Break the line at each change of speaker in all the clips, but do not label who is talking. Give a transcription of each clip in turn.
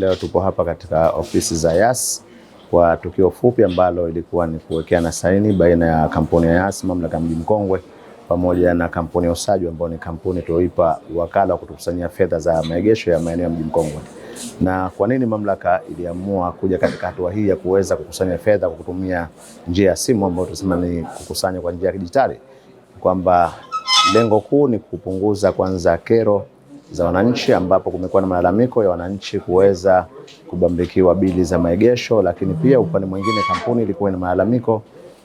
Leo tupo hapa katika ofisi za Yas kwa tukio fupi ambalo ilikuwa ni kuwekeana saini baina ya kampuni ya Yas mamlaka mji Mkongwe pamoja na kampuni ya Usaju ambayo ni kampuni tulioipa wakala wa kutukusanyia fedha za maegesho ya maeneo ya mji Mkongwe. Na kwa nini mamlaka iliamua kuja katika hatua hii ya kuweza kukusanya fedha kwa kutumia njia ya simu ambayo tunasema ni kukusanya kwa njia ya kidijitali, kwamba lengo kuu ni kupunguza kwanza kero za wananchi, ambapo kumekuwa na malalamiko ya wananchi kuweza kubambikiwa bili za maegesho, lakini pia upande mwingine kampuni ilikuwa na malalamiko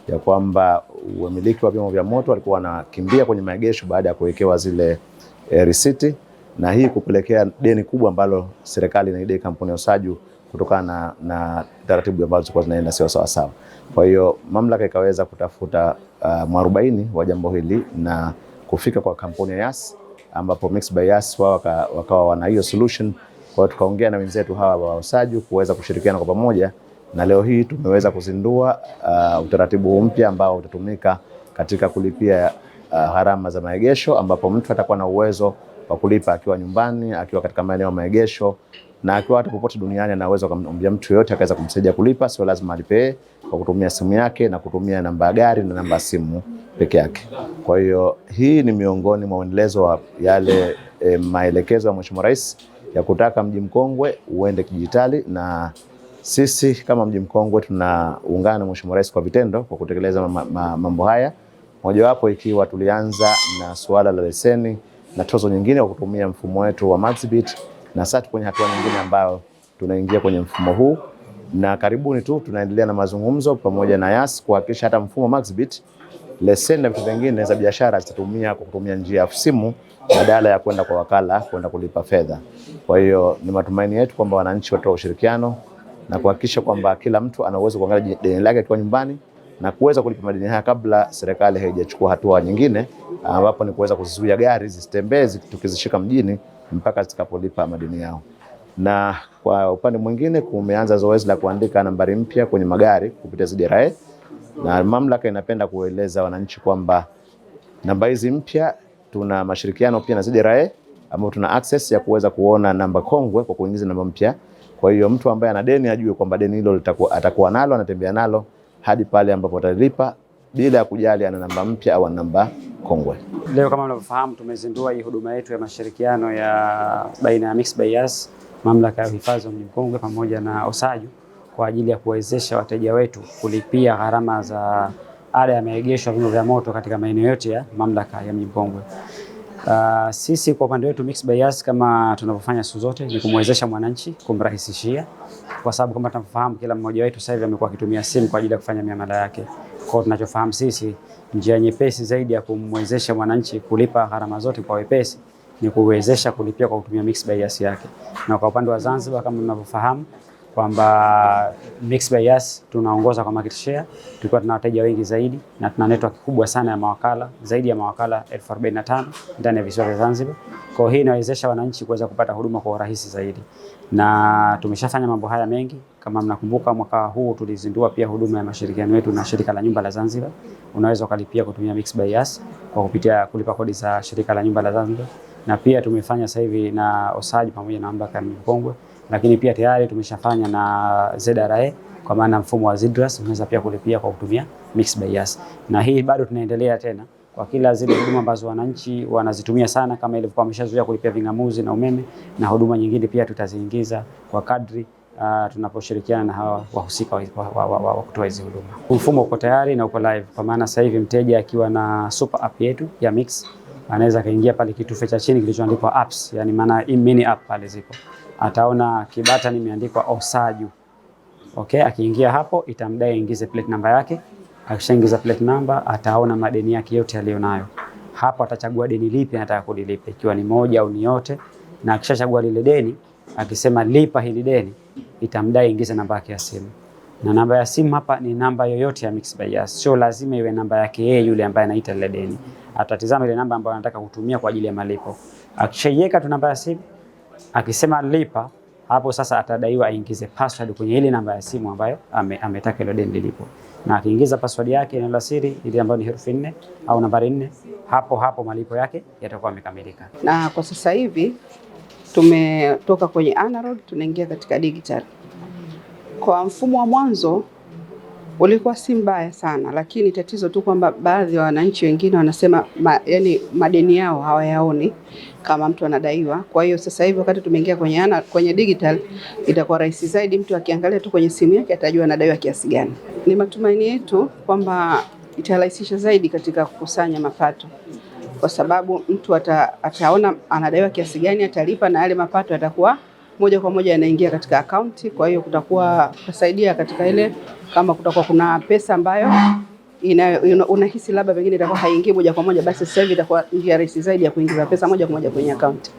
ya kwamba wamiliki wa vyombo vya moto walikuwa wanakimbia kwenye maegesho baada ya kuwekewa zile e, risiti, na hii kupelekea deni kubwa ambalo serikali inaidai kampuni ya Usaju kutokana na, na taratibu ambazo zilikuwa zinaenda sio sawa sawa. Kwa hiyo mamlaka ikaweza kutafuta uh, mwarobaini wa jambo hili na kufika kwa kampuni ya Yas ambapo Mixx by Yaswa wakawa waka wana hiyo solution. Kwa hiyo tukaongea na wenzetu hawa waosaju kuweza kushirikiana kwa pamoja, na leo hii tumeweza kuzindua uh, utaratibu mpya ambao utatumika katika kulipia uh, gharama za maegesho, ambapo mtu atakuwa na uwezo wa kulipa akiwa nyumbani, akiwa katika maeneo ya maegesho na akiwa hata popote duniani anaweza kumwambia mtu yoyote akaweza kumsaidia kulipa, sio lazima alipe kwa kutumia simu yake na kutumia namba ya gari na namba ya simu peke yake. Kwa hiyo hii ni miongoni mwa uendelezo wa yale e, maelekezo ya Mheshimiwa Rais ya kutaka mji mkongwe uende kidijitali, na sisi kama mji mkongwe tunaungana na Mheshimiwa Rais kwa vitendo kwa kutekeleza mambo ma, ma, haya, mojawapo ikiwa tulianza na suala la leseni na tozo nyingine kwa kutumia mfumo wetu wa Maxbit, na sasa kwenye hatua nyingine ambayo tunaingia kwenye mfumo huu, na karibuni tu tunaendelea na mazungumzo pamoja na Yas kuhakikisha hata mfumo Maxbit leseni na vitu vingine za biashara zitatumia kwa kutumia njia ya simu badala ya kwenda kwa wakala kwenda kulipa fedha. Kwa hiyo ni matumaini yetu kwamba wananchi watoa ushirikiano na kuhakikisha kwamba kila mtu ana uwezo kuangalia deni lake akiwa nyumbani na kuweza kulipa madeni haya kabla serikali haijachukua hatua nyingine, ambapo ni kuweza kuzuia gari zisitembee tukizishika mjini mpaka zitakapolipa madeni yao. Na kwa upande mwingine, kumeanza zoezi la kuandika nambari mpya kwenye magari kupitia ZDRA na mamlaka inapenda kueleza wananchi kwamba namba hizi mpya, tuna mashirikiano pia na ZRA ambao tuna access ya kuweza kuona namba kongwe kwa kuingiza namba mpya. Kwa hiyo mtu ambaye ana deni ajue kwamba deni hilo atakuwa nalo, anatembea nalo hadi pale ambapo atalipa bila ya kujali ana namba mpya au ana namba kongwe.
Leo kama unavyofahamu tumezindua hii huduma yetu ya mashirikiano ya baina ya Mixx by Yas, mamlaka ya uhifadhi wa mji mkongwe pamoja na Osaju kwa ajili ya kuwezesha wateja wetu kulipia gharama za ada ya maegesho ya vyombo vya moto katika maeneo yote ya mamlaka ya Mji Mkongwe. Uh, sisi kwa upande wetu Mixx by Yas kama tunavyofanya siku zote ni kumwezesha mwananchi, kumrahisishia, kwa sababu kama tunafahamu kila mmoja wetu sasa hivi amekuwa akitumia simu kwa ajili ya kufanya miamala yake. Kwa tunachofahamu sisi, njia nyepesi zaidi ya kumwezesha mwananchi kulipa gharama zote kwa wepesi ni kuwezesha kulipia kwa kutumia Mixx by Yas yake, na kwa upande wa Zanzibar kama mnavyofahamu kwamba Mix by Yas tunaongoza kwa market share, tulikuwa tuna wateja wengi zaidi na tuna network kubwa sana ya mawakala, zaidi ya mawakala 1045 ndani ya visiwa vya Zanzibar. Kwa hiyo hii inawezesha wananchi kuweza kupata huduma kwa urahisi zaidi, na tumeshafanya mambo haya mengi. Kama mnakumbuka, mwaka huu tulizindua pia huduma ya mashirikiano yetu na shirika la nyumba la Zanzibar. Unaweza ukalipia kutumia Mix by Yas kwa kupitia kulipa kodi za shirika la nyumba la Zanzibar, na pia tumefanya sasa hivi na Osaji pamoja na ya Kangwe lakini pia tayari tumeshafanya na ZRA kwa maana mfumo wa ZDRAS unaweza pia kulipia kwa kutumia Mixx by Yas, na hii bado tunaendelea tena kwa kila zile huduma ambazo wananchi wanazitumia sana, kama ilivyokuwa wameshazoea kulipia ving'amuzi na umeme na huduma nyingine, pia tutaziingiza kwa kadri uh, tunaposhirikiana na hawa wahusika wa, wa, wa, wa, wa kutoa hizi huduma. Mfumo uko tayari na uko live, kwa maana sasa hivi mteja akiwa na super app yetu ya Mix anaweza akaingia pale kitufe cha chini kilichoandikwa apps, yani maana mini app pale zipo ataona Kibata nimeandikwa Osaju. Okay, akiingia hapo itamdai aingize plate namba yake. Akishaingiza plate number ataona madeni yake yote aliyonayo. Hapo atachagua deni lipi anataka kulilipa, ikiwa ni moja au ni yote, na akishachagua lile deni, akisema lipa hili deni, itamdai ingize namba yake ya simu. Na namba ya simu hapa ni namba yoyote ya Mixx by Yas, sio lazima iwe namba yake yeye yule ambaye anaita lile deni. Atatizama ile namba ambayo anataka kutumia kwa ajili ya malipo. Akishaiweka tu namba ya simu Akisema lipa, hapo sasa atadaiwa aingize password kwenye ile namba ya simu ambayo ametaka ile deni lilipo, na akiingiza password yake na siri ile ambayo ni herufi nne au nambari nne, hapo hapo malipo yake yatakuwa yamekamilika.
Na kwa sasa hivi tumetoka kwenye analog tunaingia katika digital. Kwa mfumo wa mwanzo ulikuwa si mbaya sana, lakini tatizo tu kwamba baadhi ya wananchi wengine wanasema ma, yani madeni yao hawayaoni kama mtu anadaiwa. Kwa hiyo sasa hivi wakati tumeingia kwenye ana, kwenye digital itakuwa rahisi zaidi, mtu akiangalia tu kwenye simu yake atajua anadaiwa kiasi gani. Ni matumaini yetu kwamba itarahisisha zaidi katika kukusanya mapato kwa sababu mtu ata, ataona anadaiwa kiasi gani, atalipa na yale mapato yatakuwa moja kwa moja yanaingia katika akaunti. Kwa hiyo kutakuwa kusaidia katika ile, kama kutakuwa kuna pesa ambayo ina, ina, unahisi labda pengine itakuwa haingii moja kwa moja, basi sasa hivi itakuwa njia rahisi zaidi ya kuingiza pesa moja kwa moja kwenye akaunti.